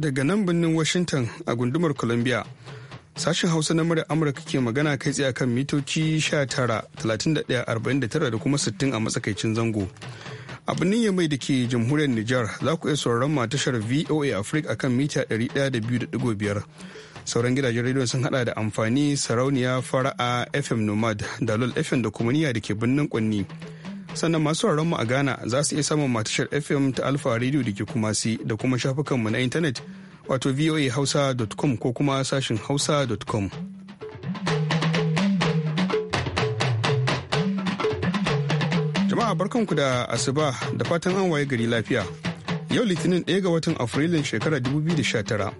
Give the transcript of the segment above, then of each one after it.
daga nan birnin Washington a gundumar Columbia. Sashen Hausa na murya Amurka ke magana kai tsaye kan mitoci 19,31,49 da kuma 60 a matsakaicin zango. A birnin Yamai da ke jamhuriyar Nijar za ku iya sauraron tashar VOA Africa akan mita 102.5. Sauran gidajen rediyon sun hada da amfani sarauniya fara'a FM Nomad, Dalol FM da kuma niya da ke birnin Kwanni. sannan masu mu a ghana za su iya samun matashar fm ta alfa radio da ke kuma si da kuma shafukanmu na intanet wato voahausa.com ko kuma sashin hausa.com jama'a barkanku da asuba da fatan an waye gari lafiya yau litinin 1 ga watan afrilun shekarar 2019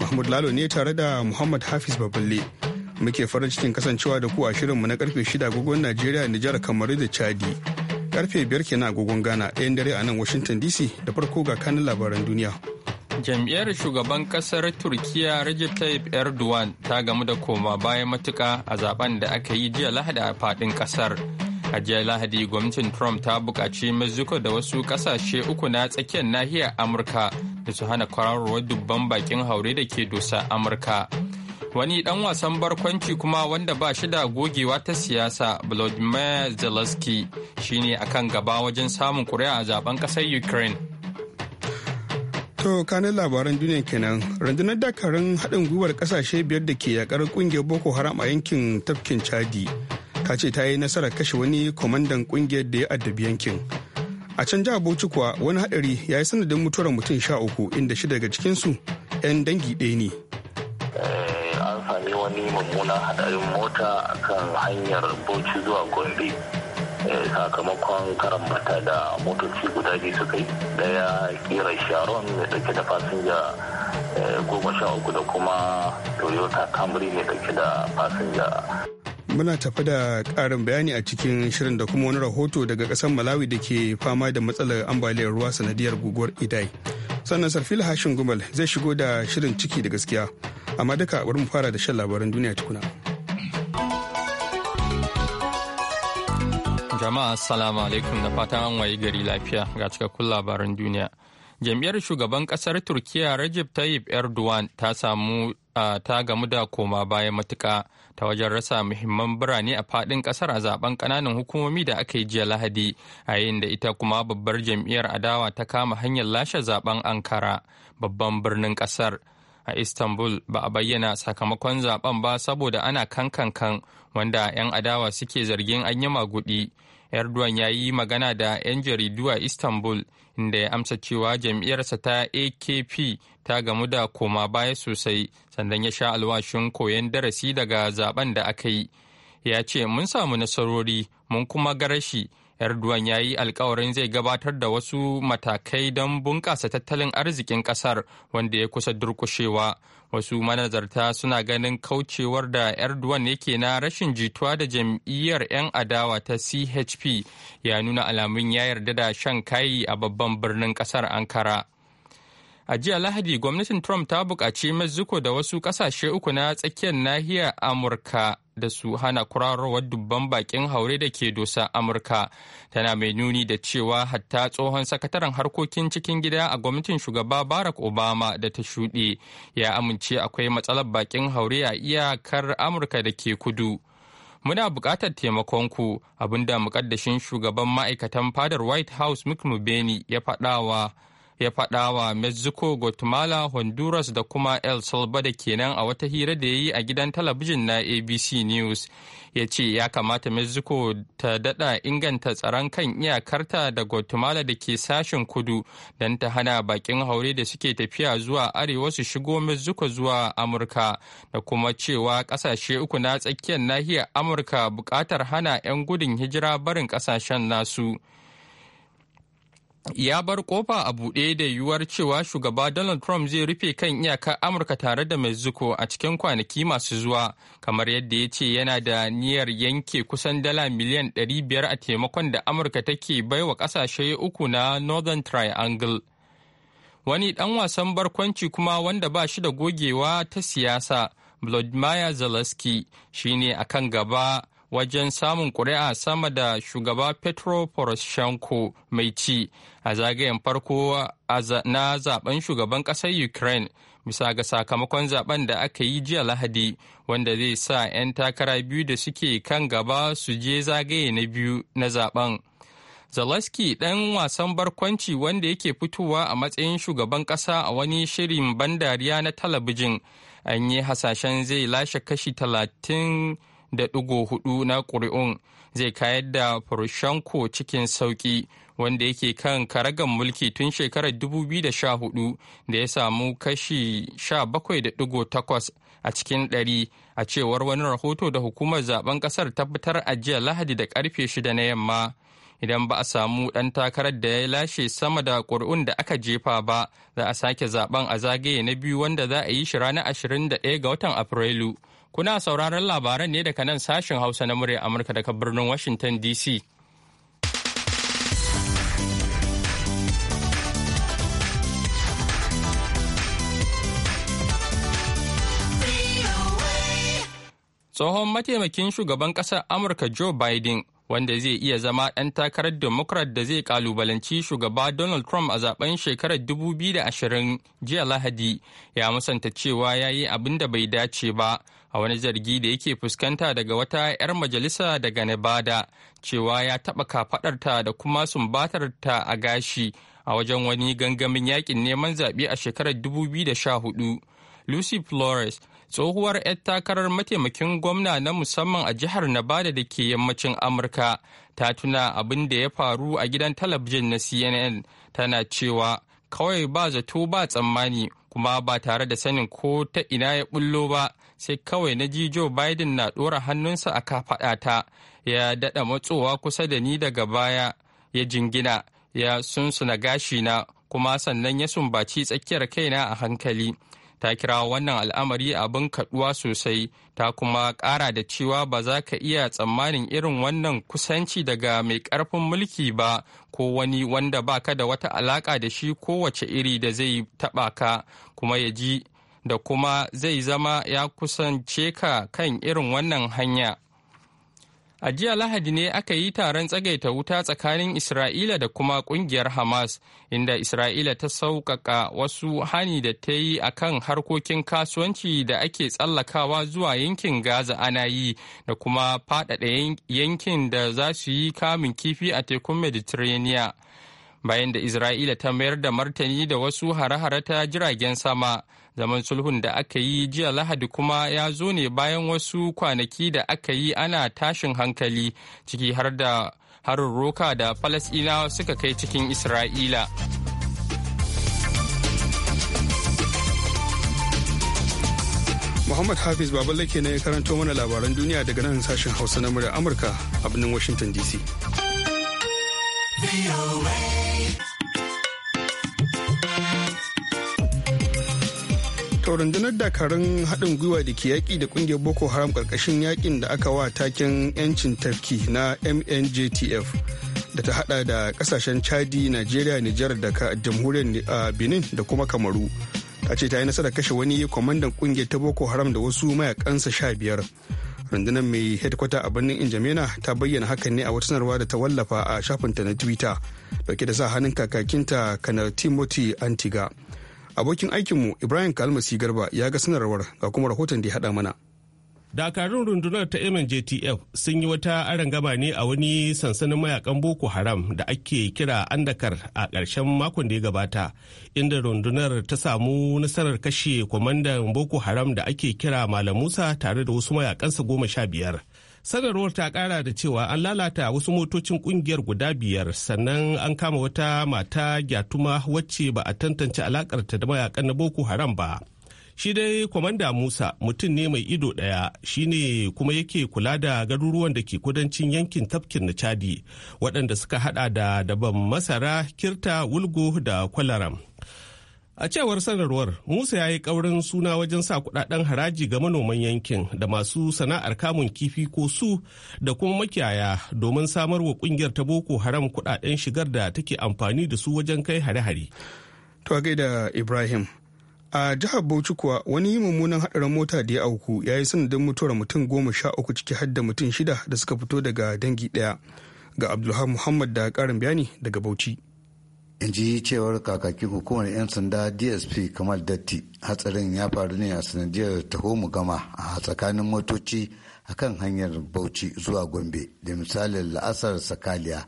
mahmud lalo ne tare da muhammad hafiz baballe muke farin cikin kasancewa da ku a shirinmu na karfe 6 agogon najeriya nijar kamaru da chadi Karfe biyar kenan agogon Ghana ɗayan dare a nan Washington DC da farko ga kanin labaran duniya. Jam'iyyar shugaban kasar Turkiya Recep Tayyip Erdogan ta gamu da koma bayan matuka a zaben da aka yi jiya Lahadi a faɗin kasar. A jiya Lahadi gwamnatin Trump ta buƙaci Mexico da wasu ƙasashe uku na tsakiyar nahiyar Amurka da su hana kwararwar dubban bakin haure da ke dosa Amurka. wani dan wasan barkwanci kuma wanda ba shi da gogewa ta siyasa volodymyr zelensky shine kan gaba wajen samun kuri'a a zaben kasar ukraine To kanin labaran duniya kenan rundunar dakarun haɗin gwiwar ƙasashe biyar da ke yakar ƙungiyar boko haram a yankin tafkin chadi ta ce ta yi nasarar kashe wani kwamandan ƙungiyar da ya addabi yankin a can jihar bauchi kuwa wani haɗari ya yi sanadin mutuwar mutum sha uku inda shi daga cikinsu 'yan dangi ɗaya ne wani mummunan hadarin mota kan hanyar bauchi zuwa gombe eh, sakamakon karambata da motoci guda biyu suka yi daya kira sharon mai dauke da fasinja eh, goma sha uku da kuma toyota camry mai dauke da fasinja muna tafi da ƙarin bayani a cikin shirin da kuma wani rahoto daga ƙasar malawi da ke fama da matsalar ambaliyar ruwa sanadiyar guguwar idai sannan sarfil hashin gumal zai shigo da shirin ciki da gaskiya amma duka bari mu fara da shan labaran duniya tukuna. Jama'a assalamu alaikum da fatan an wayi gari lafiya ga cikakkun labaran duniya. Jam'iyyar shugaban kasar Turkiya rajab Tayyip Erdogan ta samu ta gamu da koma baya matuka ta wajen rasa muhimman birane a fadin kasar a zaben kananan hukumomi da aka yi jiya lahadi a yayin da ita kuma babbar jam'iyyar adawa ta kama hanyar lashe zaben ankara babban birnin kasar a istanbul ba a bayyana sakamakon zaben ba saboda ana kankankan wanda 'yan adawa suke zargin an yi magudi erdogan ya yi magana da 'yan jaridu a istanbul inda ya amsa cewa jam'iyyarsa ta akp ta gamu da koma baya sosai sannan ya sha alwashin koyon darasi daga zaben da aka yi ya ce mun samu nasarori mun kuma garashi Erdogan ya yi alkawarin zai gabatar da wasu matakai don bunƙasa tattalin arzikin ƙasar wanda ya kusa durƙushewa. Wasu manazarta suna ganin kaucewar da Erdogan yake na rashin jituwa da jam'iyyar 'yan adawa ta CHP ya nuna alamun ya yarda da shan kayi a babban birnin ƙasar Ankara. A jiya Lahadi, gwamnatin Trump ta buƙaci mazuko da wasu ƙasashe uku na tsakiyar nahiyar Amurka da su hana kurarowar dubban bakin haure da ke dosa amurka tana mai nuni da cewa hatta tsohon sakataren harkokin cikin gida a gwamnatin shugaba barack obama da ta shuɗe ya amince akwai matsalar bakin haure a iyakar amurka da ke kudu muna buƙatar taimakonku abinda muƙaddashin shugaban ma'aikatan fadar white house mick mubeni ya faɗawa ya faɗa mexico guatemala honduras da kuma el salvador kenan a wata hira da ya yi a gidan talabijin na abc news ya ce ya kamata mexico ta daɗa inganta tsaron kan iyakarta da guatemala da ke sashen kudu don ta hana bakin haure da suke tafiya zuwa arewa su shigo mexico zuwa amurka da kuma cewa ƙasashe uku na tsakiyar nahiyar amurka buƙatar hana 'yan gudun hijira barin ƙasashen nasu. ya bar kofa a buɗe da yiwuwar cewa shugaba Donald Trump zai rufe kan iyakar Amurka tare da Mexico a cikin kwanaki masu zuwa, kamar yadda ya ce yana da niyyar yanke kusan dala miliyan 500 a taimakon da Amurka take bai wa ƙasashe uku na Northern Triangle. Wani ɗan wasan barkwanci kuma wanda ba shi da gogewa ta siyasa, Vladimir Zelensky, shine akan gaba. wajen samun kuri'a sama da shugaba Petro Poroshenko mai ci a zagayen farko na zaben shugaban ƙasar Ukraine bisa ga sakamakon zaben da aka yi jiya Lahadi wanda zai sa 'yan takara biyu da suke kan gaba su je zagaye na biyu na zaben. Zelensky ɗan wasan barkwanci wanda yake fitowa a matsayin shugaban ƙasa a wani shirin ban dariya na talabijin an yi hasashen zai lashe kashi talatin. da ɗigo hudu na ƙuri'un zai kayar da Poroshenko cikin sauƙi wanda yake kan karagan mulki tun shekarar 2014 da ya samu kashi 17.8 a cikin ɗari a cewar wani rahoto da hukumar zaben kasar tabbatar a jiya lahadi da karfe 6 na yamma idan ba a samu ɗan takarar da ya lashe sama da ƙuri'un da aka jefa ba za a sake zaben a zagaye na biyu wanda za a yi shi ranar 21 ga watan afrilu Kuna sauraron labaran ne daga nan sashen Hausa na murya Amurka daga birnin Washington DC. Tsohon mataimakin shugaban ƙasar Amurka Joe Biden wanda zai iya zama ɗan takarar Democrat da zai kalubalanci shugaba Donald Trump a zaben shekarar 2020 jiya Lahadi ya musanta cewa ya yi abin da bai dace ba. a wani zargi da yake fuskanta daga wata 'yar majalisa daga Nevada cewa ya taɓa kafaɗarta da kuma sumbatarta a gashi a wajen wani gangamin yakin neman zaɓe a shekarar 2014. Lucy Flores tsohuwar 'yar takarar mataimakin gwamna na musamman a jihar Nevada da ke yammacin Amurka ta tuna abin da ya faru a gidan talabijin na CNN tana cewa kawai ba zato ba tsammani kuma ba tare da sanin ko ta ina ya bullo ba sai kawai na ji Joe Biden na ɗora hannunsa a kafaɗata ya daɗa matsowa kusa da ni daga baya ya jingina ya sunsuna gashina kuma sannan ya sumbaci tsakiyar kaina a hankali. Ta kira wannan al'amari abin kaɗuwa sosai ta kuma ƙara da cewa ba za ka iya tsammanin irin wannan kusanci daga mai ƙarfin mulki ba ko wani wanda baka da wata alaƙa da shi kowace iri da zai taɓa ka kuma ya ji da kuma zai zama ya kusance ka kan irin wannan hanya. A jiya Lahadi ne aka yi taron tsagaita wuta tsakanin Isra'ila da kuma kungiyar Hamas, inda Isra'ila ta sauƙaƙa wasu hani da ta yi a kan harkokin kasuwanci da ake tsallakawa zuwa yankin Gaza ana yi da kuma faɗaɗa yankin da za su yi kamun kifi a tekun Mediterranean. Bayan da Isra'ila ta mayar da martani da wasu hare-hare ta jiragen sama. zaman sulhun da aka yi jiya lahadi kuma ya zo ne bayan wasu kwanaki da aka yi ana tashin hankali ciki har da harin roka da falasɗinawa suka kai cikin isra'ila Muhammad Hafiz Babalake ne ya karanto mana labaran duniya daga nan sashen Hausa na murya Amurka a birnin Washington DC. To rundunar dakarun haɗin gwiwa da ke yaƙi da ƙungiyar Boko Haram ƙarƙashin yaƙin da aka wa taken 'yancin tafki na MNJTF da ta haɗa da ƙasashen Chadi, nigeria Nijar da jamhuriyar Benin da kuma Kamaru. Ta ce ta yi nasarar kashe wani kwamandan ƙungiyar ta Boko Haram da wasu mayakansa sha biyar. rundunar mai hedkwata a birnin injamena ta bayyana hakan ne a wata sanarwa da ta wallafa a shafinta na twitter dauke da sa hannun kakakinta kanar timothy antiga Abokin aikinmu Ibrahim Kalmasi Garba ya ga sanarwar ga kuma rahoton da ya haɗa mana. dakarun rundunar ta mjtf sun yi wata arangama ne a wani sansanin mayakan boko haram da ake kira andakar a ƙarshen makon da ya gabata inda rundunar ta samu nasarar kashe kwamandan boko haram da ake kira malam musa tare da wasu mayakansa goma sha biyar sanarwar ta kara da cewa an lalata wasu motocin kungiyar guda biyar sannan an kama wata mata gyatuma wacce ba a tantance alakarta da mayakan na boko haram ba shi dai kwamanda musa mutum ne mai ido ɗaya ne kuma yake kula da garuruwan da ke kudancin yankin tafkin na chadi waɗanda suka hada da daban masara kirta wulgo da kwalaram A cewar sanarwar, Musa ya yi ƙaurin suna wajen sa kudaden haraji ga manoman yankin da masu sana'ar kamun kifi ko su da kuma makiyaya domin samar wa kungiyar ta Boko Haram kudaden shigar da take amfani da su wajen kai hare-hare. To gaida Ibrahim. A jihar Bauchi kuwa wani mummunan haɗarin mota da ya auku ya yi sanadin mutuwar mutum goma sha uku ciki har da mutum shida da suka fito daga dangi ɗaya. Ga Abdulhamid Muhammad da karin bayani daga Bauchi. in ji cewar kakakin hukumar 'yan sanda dsp kamar datti hatsarin ya faru ne a sanadiyar taho mu gama a tsakanin motoci a kan hanyar bauchi zuwa gombe da misalin la'asar sakaliya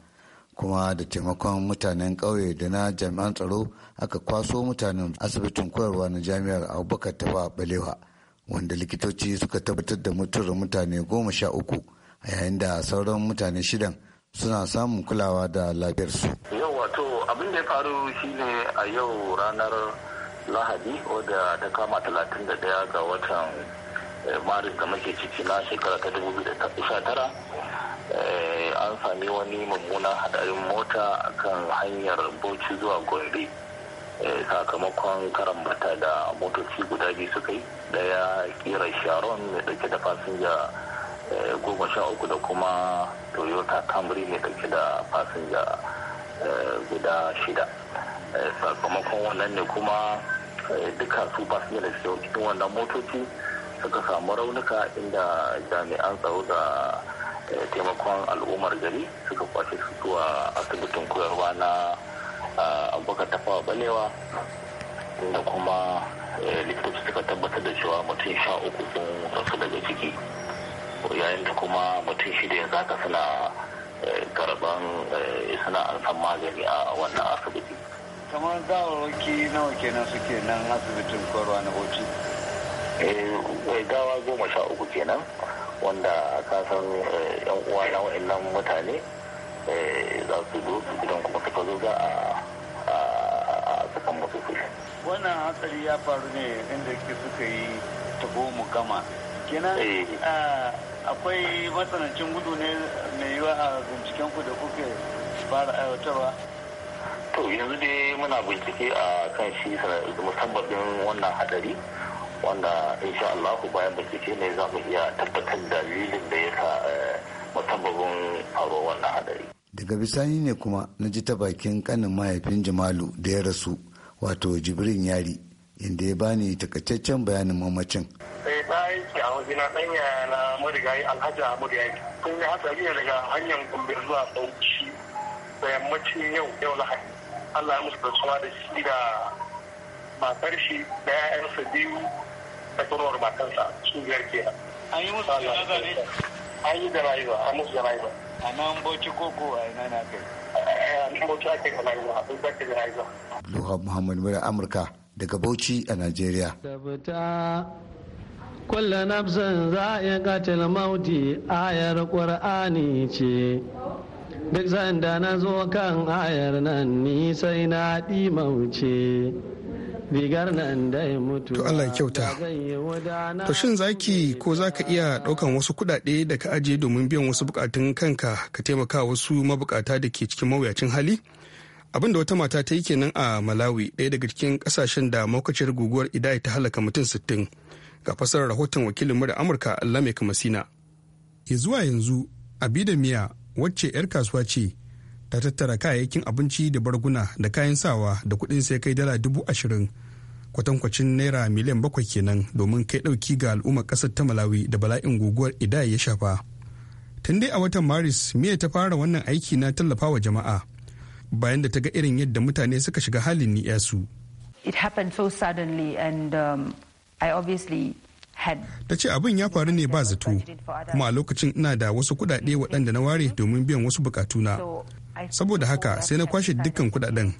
kuma da taimakon mutanen ƙauye da na jami'an tsaro aka kwaso mutanen asibitin koyarwa na jami'ar abubakar tafa balewa wanda likitoci suka tabbatar da mutuwar mutane goma sha uku a yayin da sauran mutane shidan suna samun kulawa da lafiyarsu. Yau wato abin da ya faru shi ne a yau ranar Lahadi wadda ta kama 31 ga watan eh, Maris da muke ciki na shekara ta tara eh, an sami wani mummunan hadarin mota a kan hanyar Bauchi zuwa Gombe. Eh, sakamakon karambata da motoci guda biyu suka yi daya kira sharon mai dauke da fasinja Eh, goma sha uku da kuma toyota camry mai dauke da fasinja eh, guda shida eh, sakamakon wannan ne kuma duka su fasinja da suke cikin wannan motoci suka samu raunuka inda jami'an tsaro da taimakon al'ummar gari suka kwashe su zuwa asibitin koyarwa na abokan tafawa balewa inda kuma likitoci suka tabbatar da cewa mutum sha uku sun rasu daga ciki yayin da kuma mutum da ya zaka suna eh, karban eh, suna alfan magani a wannan asibiti kamar gawarwaki nawa kenan suke nan asibitin korwa na oci mai eh, gawa goma sha uku kenan wanda ka san yan uwa na wa'annan mutane za su zo gidan kuma suka zo za a sakan musu wannan hatsari ya faru ne inda suka yi ta mu gama kenan ah, akwai matsanancin gudu ne mai yiwa a binciken ku da kuke fara aiwatarwa to yanzu dai muna bincike a kan shi musabbabin wannan hadari wanda insha Allah bayan bincike ne za mu iya tabbatar da dalilin da ya sa eh, musabbabin faruwar wannan hadari daga bisani ne kuma na ji ta bakin kanin mahaifin jamalu da ya rasu wato jibrin yari inda ya bani takaitaccen bayanin mamacin aiki a waje na ɗanya na marigayi alhaji a ahmadu yaki sun yi hatsari daga hanyar gombe zuwa bauchi da yammacin yau yau lahadi allah ya musu da suwa da shi da matar shi da 'ya'yansa biyu da turwar matarsa su biyar ke kenan an yi musu janaza ne an yi da rayuwa an musu da rayuwa a nan bauchi koko eh, a nan na kai. Luhan Muhammad Mura Amurka daga Bauchi a Najeriya. kulle nafsin za'iqatil mauti ayar qur'ani ce duk sanda na zo kan ayar nan ni sai na ɗi mauce rigar nan dai mutu to Allah kyauta to shin zaki ko zaka iya ɗaukan wasu kuɗaɗe da ka ajiye domin biyan wasu bukatun kanka ka taimaka wasu mabukata da ke cikin mawuyacin hali abin da wata mata ta yi kenan a malawi ɗaya daga cikin ƙasashen da maukaciyar guguwar idai ta halaka mutum sittin ga fasarar rahoton wakilin murar amurka lamek masina ya zuwa yanzu abida miya wacce 'yar kasuwa ce ta tattara kayayyakin abinci da barguna da kayan sawa da kuɗin sai kai dala dubu ashirin kwatankwacin naira miliyan bakwai kenan domin kai ɗauki ga al'ummar ƙasar ta malawi da bala'in guguwar idaya ya shafa tun dai a watan maris miya ta fara wannan aiki na wa jama'a bayan da ta ga irin yadda mutane suka shiga halin ni'yasu. It happened so suddenly um, I obviously ta ce abin ya faru ne ba zato kuma a lokacin ina da wasu kudade waɗanda na ware domin biyan wasu na, saboda haka sai na kwashe dukkan kudaden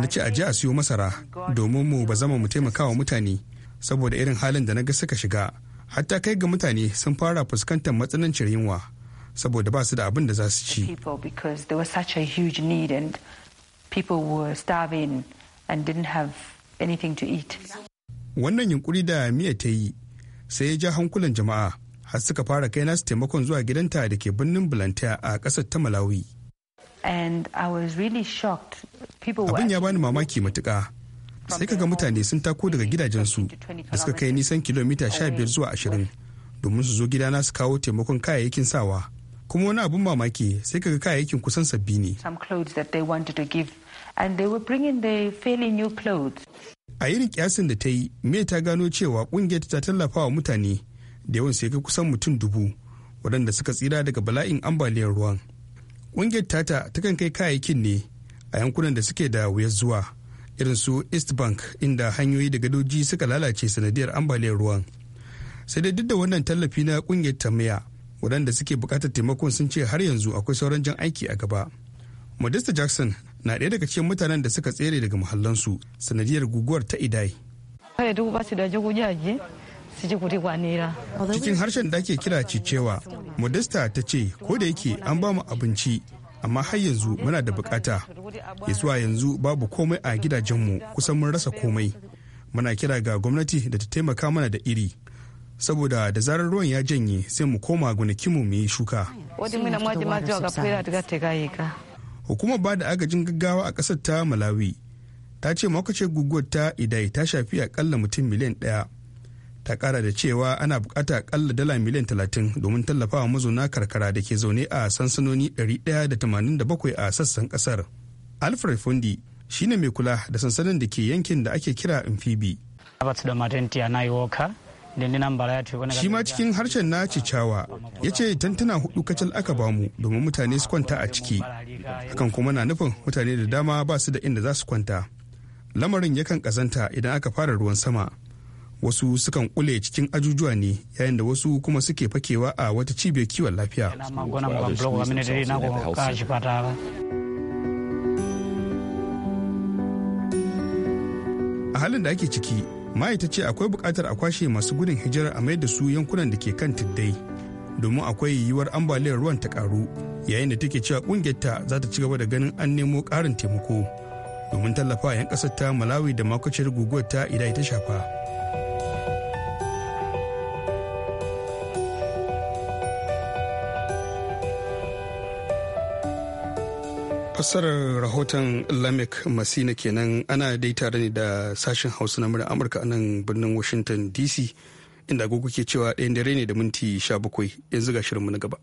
na ce aje a siyo masara domin mu ba zama mu taimakawa mutane saboda irin halin da na ga suka shiga hatta kai ga mutane sun fara fuskantar matsanancin yunwa saboda ba su da abin da za su ci anything to eat. wannan yunkuri da miya ta yi sai ya ja hankulan jama'a har suka fara kai nasu taimakon zuwa gidanta da ke birnin Bulantia a ƙasar ta Malawi. Abin ya bani mamaki matuka Sai kaga mutane sun tako daga gidajensu da suka kai nisan kilomita 15 zuwa 20 domin su zo gidana su kawo taimakon kayayyakin sawa. kuma wani abin mamaki sai kaga kayayyakin kusan sabbi ne. a irin kyasin da ta yi mai ta gano cewa kungiyar ta tallafa wa mutane da yawan sai ga kusan mutum dubu waɗanda suka tsira daga bala'in ambaliyar ruwan kungiyar tata takan kai kayayyakin ne a yankunan da suke da wuyar zuwa irin su east bank inda hanyoyi da gadoji suka lalace sanadiyar ambaliyar ruwan sai dai duk da wannan tallafi na kungiyar maya waɗanda suke buƙatar taimakon sun ce har yanzu akwai sauran jan aiki a gaba modesta jackson na ɗaya daga cikin mutanen da suka tsere daga muhallansu sanadiyar guguwar ta idai cikin harshen da ake kira cicewa modesta ta ce ko da yake an ba mu abinci amma har yanzu muna da bukata ya yanzu babu komai a gidajenmu kusan mun rasa komai muna kira ga gwamnati da ta taimaka mana da iri saboda da zarar ruwan ya janye sai mu koma gonakinmu mu yi shuka hukumar ba da agajin gaggawa a ƙasar ta malawi ta ce makwace guguwar ta idai ta shafi akalla mutum miliyan ɗaya ta ƙara da cewa ana bukata akalla dala miliyan talatin domin tallafawa mazauna karkara da ke zaune a sansanoni 187 a sassan ƙasar alfred fundi shine mai kula da sansanin da ke yankin da ake kira amfibi shi ma cikin harshen na cicawa ya ce tantuna hudu kacal aka bamu domin mutane su kwanta a ciki hakan kuma na nufin mutane da dama ba su da inda za su kwanta lamarin yakan kazanta idan aka fara ruwan sama wasu sukan kule cikin ajujuwa ne yayin da wasu kuma suke fakewa a wata cibiyar kiwon lafiya a halin da ake ciki ma'aikata ce akwai bukatar a kwashe masu gudun hijirar a mayar da su yankunan da ke kan tuddai domin akwai yiwuwar ambaliyar ruwan ta karu yayin da take cewa kungiyar ta za ta ci gaba da ganin an nemo karin taimako domin tallafa 'yan kasar ta malawi da makwacin guguwar ta idan ta shafa fassarar rahoton lamek masina kenan ana dai tare ne da sashen hausa na amurka a nan birnin washington dc inda agogo ke cewa ɗayan dare ne da minti sha bakwai yanzu ga shirinmu na gaba.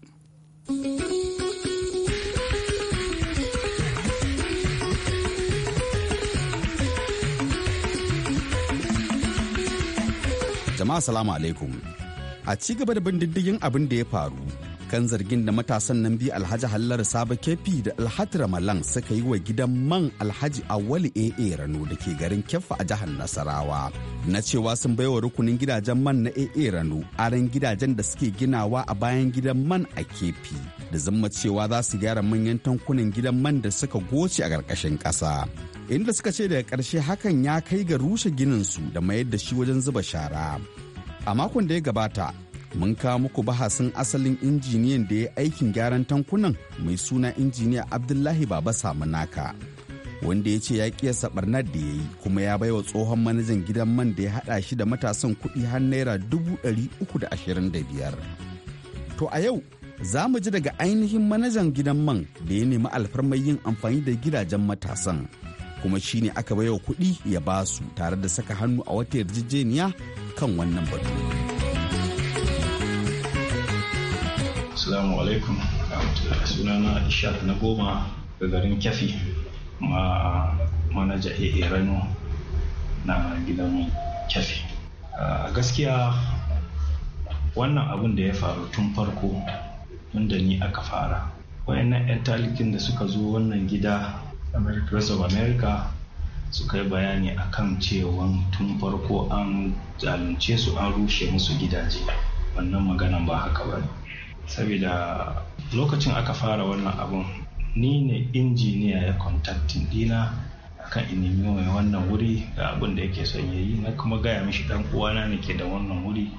Jama'a salamu alaikum. A ci gaba da bin diddigin abin da ya faru kan zargin da matasan nan biyu alhaji hallar saba kefi da alhaji ramalan suka yi wa gidan man alhaji awali aa rano da ke garin kefa a jihar nasarawa na cewa sun bai wa rukunin gidajen man na aa rano aran gidajen da suke ginawa a bayan gidan man a kefi da zama cewa za su gyara manyan tankunan gidan man da suka goce a ƙarƙashin ƙasa inda suka ce daga ƙarshe hakan ya kai ga rushe ginin su da mayar da shi wajen zuba shara a makon da ya gabata mun kawo muku bahasin asalin injiniyan da ya aikin gyaran tankunan mai suna injiniya abdullahi baba samunaka wanda ya ce ya kiyasa barnar da ya yi kuma ya baiwa tsohon manajan gidan man da ya haɗa shi da matasan kuɗi har naira dubu ɗari uku da ashirin da biyar to a yau za mu ji daga ainihin manajan gidan man da ya nemi alfarmar yin amfani da gidajen matasan kuma shi ne aka baiwa kuɗi ya ba su tare da saka hannu a wata yarjejeniya kan wannan batu. Assalamu alaikum. Sunana Ishaq na goma ga garin Kyafi ma manaja AA Rano na gidan Kyafi. A gaskiya wannan abin da ya faru tun farko wanda ni aka fara. Wayannan 'yan talikin da suka zo wannan gida Voice of America suka yi bayani a kan cewan tun farko an zalunce su an rushe musu gidaje. Wannan maganan ba haka ba ne. saboda lokacin aka fara wannan abun ni ne injiniya ya kontaktin dina kan in mai wannan wuri ga abin da yake son yayi na kuma gaya mishi dan uwana ne ke da wannan wuri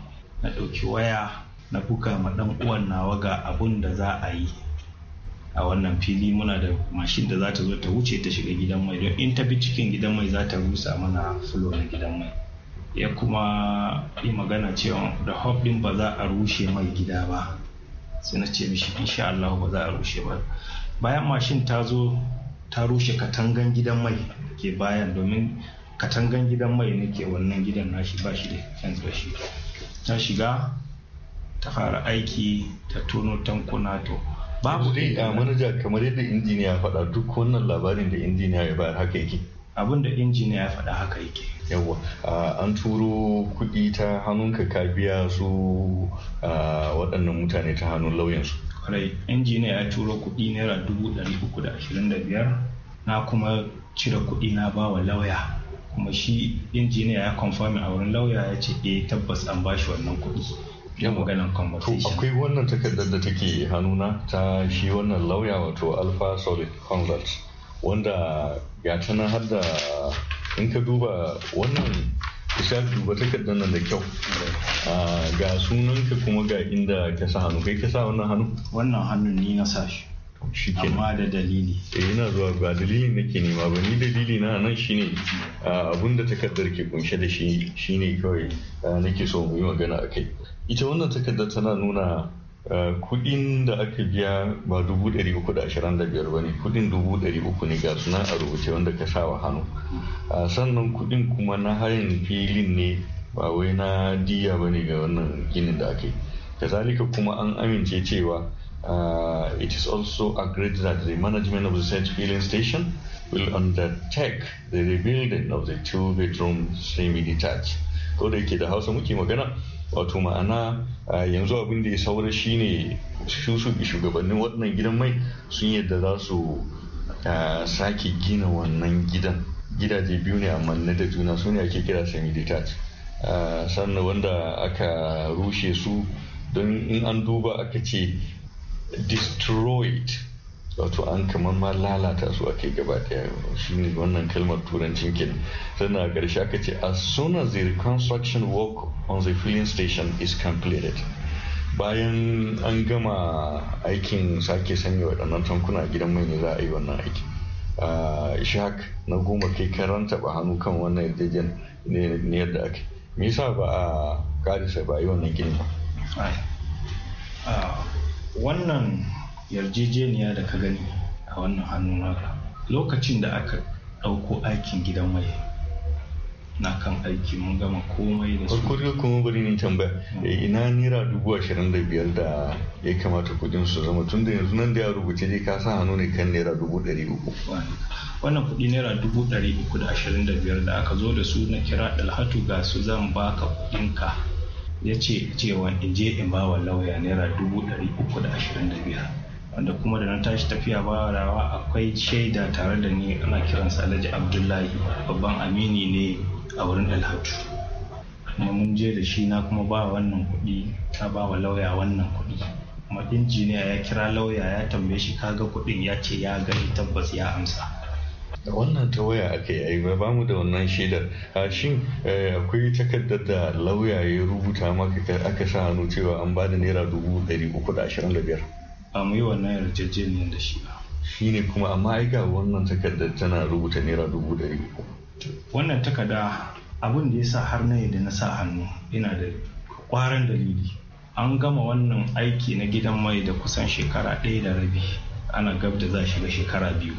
na ɗauki waya na buga ma dan uwan nawa ga abun da za a yi a wannan fili muna da mashin da za ta zo ta wuce ta shiga gidan mai don in ta bi cikin gidan mai za ta rusa mana fulo na gidan mai ya kuma yi magana cewa da din ba za a rushe mai gida ba sai na ce mishi insha Allah ba za a rushe ba bayan mashin ta zo ta rushe katangan gidan mai ke bayan domin katangan gidan mai ne ke wannan gidan nashi ba shi da fence ba shi ta shiga ta fara aiki ta tono tankuna to babu dai a manaja kamar yadda injiniya faɗa duk wannan labarin da injiniya ya bayar haka yake abin da injiniya ya faɗa haka yake yawa an turo kuɗi ta hannunka ka biya su waɗannan mutane ta hannun lauyansu kwarai injiniya ya turo kuɗi naira dubu ɗari uku da ashirin da biyar na kuma cire kuɗi na ba wa lauya kuma shi injiniya ya confirm a wurin lauya ya ce eh tabbas an ba shi wannan kuɗi ya maganan conversation akwai wannan takardar da take hannuna ta shi wannan lauya wato alpha solid consult wanda ya tana har da in ka duba wannan ka duba takardar nan da kyau ah, ga sunanka kuma ga inda ka sa hannu kai ka sa wannan hannu wannan hannun ni na sa shi amma da dalili eh ina zuwa ba dalilin nake nema ba ni dalili na nan shine hmm. ah, abun da takardar ke kunshe da shi shine kawai ah, nake so mu yi magana a kai. ita wannan takardar tana nuna Eh, kudin da aka biya ba dubu ɗari uku da ashirin da biyar ba ne kudin dubu ɗari uku ne ga suna a rubuce wanda ka sa wa hannu eh, sannan kudin kuma na harin filin ne ba wai na diya ba ne ga wannan ginin da aka yi kazalika kuma an amince cewa eh, it is also agreed that the management of the said filling station will undertake the rebuilding of the two bedroom semi detached ko da yake da hausa muke magana wato ma'ana yanzu abin da ya saura shine su shugabannin waɗannan gidan mai sun yadda za su sake gina wannan gidan gidaje biyu ne a manne da juna su ne ake kira semi detached sannan wanda aka rushe su don in an duba aka ce destroyed wato an kamar ma lalata su ake gaba daya ne wannan kalmar turancin kenan sannan a ƙarshe aka ce as soon as the reconstruction work on the filling station is completed bayan an gama aikin sake sanya waɗannan tankuna gidan mai ne za a yi wannan aiki shak na goma kai karan ba hannu kan wannan yadda ne yadda ake me yasa ba a ƙarisa ba yi wannan gini ba wannan yarjejeniya da ka gani a wannan hannu naka lokacin da aka ɗauko aikin gidan mai na kan aiki mun gama komai da su farko kuma bari ni tambaya hmm. eh, ina naira dubu ashirin da biyar da ya kamata kudin su zama tun da yanzu nan da ya rubuce dai ka sa hannu ne kan naira dubu ɗari uku wannan kuɗi naira dubu ɗari uku da ashirin da biyar da aka zo da su na kira dalhatu ga su zan baka kuɗinka ya ce cewa in je in ba wa lauya naira dubu ɗari uku da ashirin da biyar wanda kuma da na tashi tafiya ba rawa akwai shaida tare da ni ana kiransa alhaji abdullahi babban amini ne a wurin alhatu kuma mun je da shi na kuma ba wannan kuɗi ta ba wa lauya wannan kuɗi kuma injiniya ya kira lauya ya tambaye shi kaga kuɗin ya ce ya gani tabbas ya amsa da wannan ta waya aka yi ba ba mu da wannan shaidar a shin eh, akwai takardar da lauya ya rubuta maka aka sa hannu cewa an ba da naira dubu ɗari uku da ashirin da biyar a mu yi wannan yarjejeniyar da shi ba Shi ne kuma amma ai ga wannan takardar tana rubuta naira dubu ɗari wannan takarda abin da ya sa har na da na sa hannu ina da kwaran dalili an gama wannan aiki na gidan mai da kusan shekara ɗaya da rabi ana gab da za shiga shekara biyu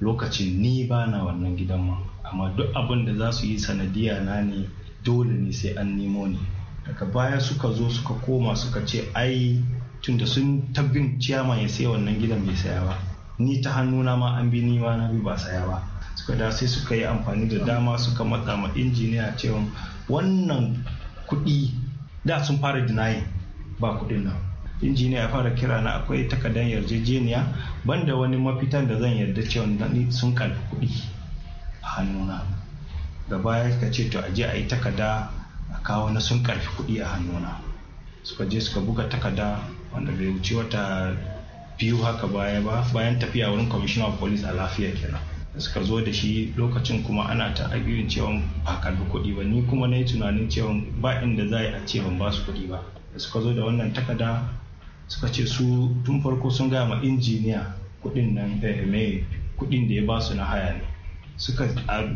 lokacin ni ba na wannan gidan man amma duk abin da za su yi sanadiya na ne dole ne sai an nemo ni daga baya suka zo suka koma suka ce ai tunda sun tabbin ciyama ya sai wannan gidan mai saya ba ni ta hannuna ma an bi ni ma na bi ba saya ba suka da sai suka yi amfani da dama suka matsa ma injiniya cewa wannan kuɗi da sun fara dinayin ba kuɗin nan injiniya ya fara kira na akwai takardar yarjejeniya banda wani mafitan da zan yarda cewa ni sun kalli kuɗi a hannuna da baya ka ce to je a yi takarda a kawo na sun karfi kuɗi a hannuna suka je suka buga takarda wanda bai wuce wata biyu haka baya ba bayan tafiya wurin commissioner of police a lafiya kenan suka zo da shi lokacin kuma ana ta agirin cewa ba karbi kuɗi ba ni kuma na yi tunanin cewa ba inda za a ce ban ba su kuɗi ba da suka zo da wannan takarda suka ce su tun farko sun gaya ma injiniya kuɗin nan eh, mai kuɗin da ya ba su na haya ne suka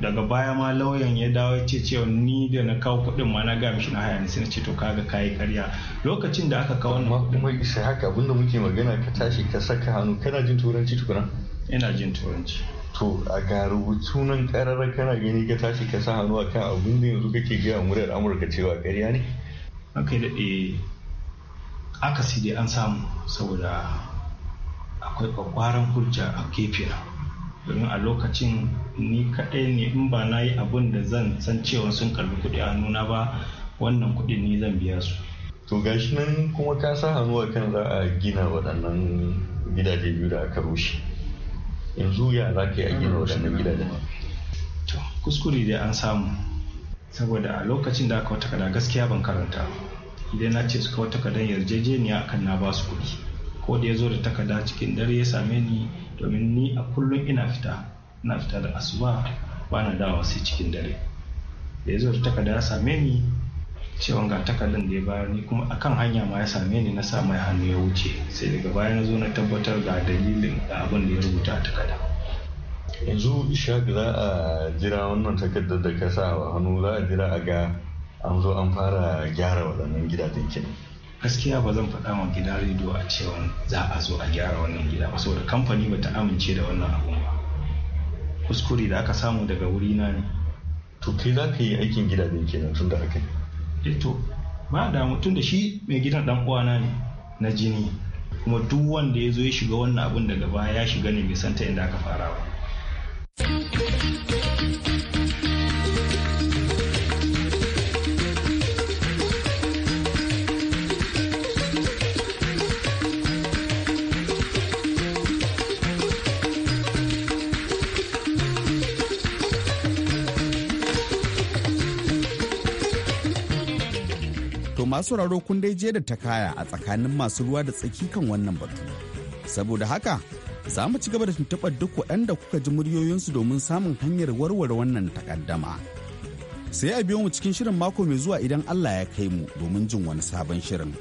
daga baya ma lauyan ya dawo ya ce cewa ni da na kawo kuɗin ma na gami shi na haya sai na ce to kaga kayi karya lokacin da aka kawo wannan kuma isa haka abinda muke magana ka tashi ka saka hannu kana jin turanci tukuna ina jin turanci to a ga rubutu nan karara kana gani ka tashi ka sa hannu akan abin da yanzu kake gaya muryar amurka cewa karya ne aka da daɗe aka dai an samu saboda akwai kwakwaran hujja a gefe domin a lokacin ni kaɗai ne in ba na yi abin da zan san cewa sun karbi kuɗi a nuna ba wannan kuɗi ni zan biya su to gashi nan kuma ka sa hannu a kan za a gina waɗannan gidaje biyu da aka rushe yanzu ya za ka yi a gina waɗannan gidaje to kuskure dai an samu saboda a lokacin da aka wata kada gaskiya ban karanta idan na ce suka wata kadan yarjejeniya akan na ba su kuɗi ko da ya zo da takada cikin dare ya same ni domin ni a kullum ina fita ina fita da asuba ba na dawa sai cikin dare da ya zo da takada ya same ni cewa ga takardar da ya bayar ni kuma akan hanya ma ya same ni na sa mai hannu ya wuce sai daga baya na zo na tabbatar ga dalilin da abin da ya rubuta a takada yanzu ishaq za a jira wannan takardar da ka sa wa hannu za a jira a ga an zo an fara gyara waɗannan gidajen kenan gaskiya ba zan faɗa ma gidan rediyo a cewa za a zo a gyara wannan gida ba saboda kamfani ba ta amince da wannan abun ba kuskure da aka samu daga wuri na ne to kai za ka yi aikin gidajen kenan tun da aka yi eh to ba da mutum da shi mai gidan dan uwana ne na jini kuma duk wanda ya zo ya shiga wannan abun daga baya ya shiga ne bai santa inda aka fara ba To masu sauraro kun dai je da ta kaya a tsakanin masu ruwa da tsaki kan wannan batu. Saboda haka za mu ci gaba da tuntuɓar duk waɗanda kuka ji muryoyinsu domin samun hanyar warware wannan takaddama. Sai a biyo mu cikin shirin mako mai zuwa idan Allah ya kai mu domin jin wani sabon shirin.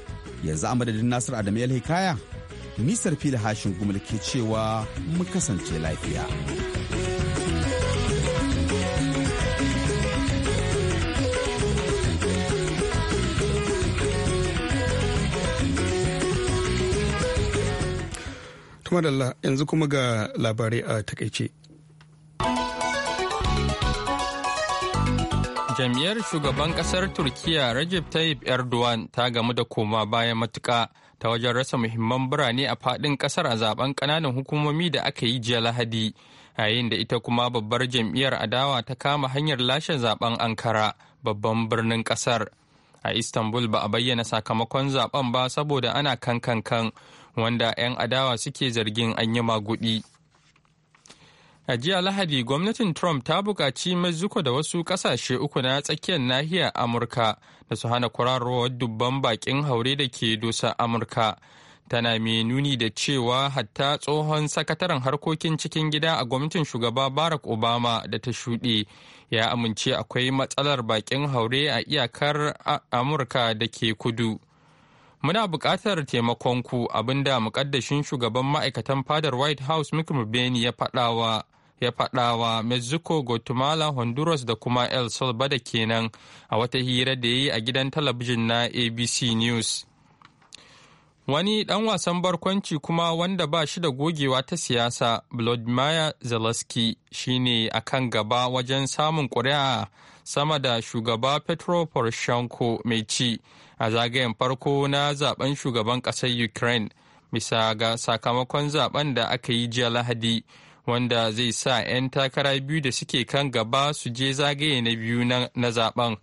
Yanzu a madadin Nasiru Adamu Hikaya, nisar fili hashin gumul ke cewa mu kasance lafiya. Tumar yanzu kuma ga labarai a takaice. Jam'iyyar shugaban kasar turkiya Recep Tayyip Erdogan ta gamu da koma bayan matuka ta wajen rasa muhimman birane a fadin kasar a zaben ƙananan hukumomi da aka yi jiya Lahadi. Yayin da ita kuma babbar jam'iyyar adawa ta kama hanyar lashe zaben Ankara babban birnin kasar A Istanbul ba a bayyana sakamakon zaben ba saboda ana kan kan kan. wanda 'yan adawa suke zargin an yi maguɗi. A jiya Lahadi, gwamnatin Trump ta buƙaci mazuko da wasu ƙasashe uku na tsakiyar nahiyar Amurka da su hana kwararowar dubban baƙin haure da ke dosa Amurka. Tana mai nuni da cewa hatta tsohon sakataren harkokin cikin gida a gwamnatin shugaba Barack Obama da ta shuɗe ya amince akwai matsalar baƙin haure a iyakar Amurka da ke kudu. muna buƙatar taimakonku abinda muƙaddashin shugaban ma'aikatan fadar white house mick mulvaney ya faɗawa ya faɗawa mexico guatemala honduras da kuma el salvador kenan a wata hira da ya yi a gidan talabijin na abc news Wani ɗan wasan barkwanci kuma wanda ba shi da gogewa ta siyasa, Vladimir Zelensky shine ne a kan gaba wajen samun ƙuri'a sama da shugaba Petro Poroshenko mai ci a zagayen farko na zaben shugaban ƙasar Ukraine bisa ga sakamakon zaben da aka yi jiya Lahadi. wanda zai sa 'yan takara biyu da suke kan gaba su je zagaye na biyu na zaben.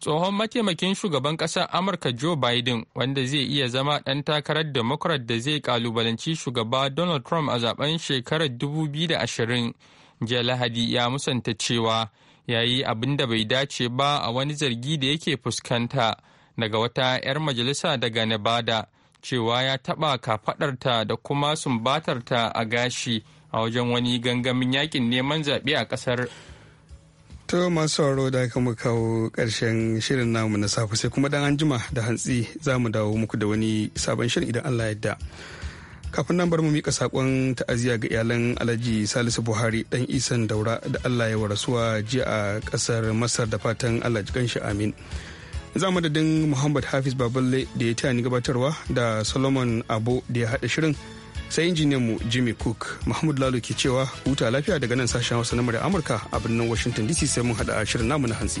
tsohon mataimakin shugaban ƙasar amurka joe biden wanda zai iya zama ɗan takarar democrat da zai kalubalanci shugaba donald trump a zaben shekarar 2020 jiya lahadi ya musanta cewa ya yi abin da bai dace ba a wani zargi da yake fuskanta daga wata 'yar majalisa daga nevada cewa ya taɓa kafaɗarta da kuma sumbatarta a gashi a wajen wani gangamin yakin neman zaɓe a ƙasar To masu sauraro da aka mu kawo ƙarshen shirin namu na safe sai kuma dan anjima da hantsi za mu dawo muku da wani sabon shirin idan Allah ya yarda Kafin nan bar mu mika sakon ta'aziya ga iyalan Alhaji Salisu Buhari dan Isan Daura da Allah ya warasuwa jiya a ƙasar Masar da fatan Allah ji kanshi amin. Za madadin Muhammad Hafiz Baballe da ya taya ni gabatarwa da Solomon Abo da ya haɗa shirin. sai injiniyan mu jimmy cook mahmud lalo ke cewa huta lafiya daga nan sashen hausa na murya amurka a birnin washington dc sai mun hada shirin namu na hansi.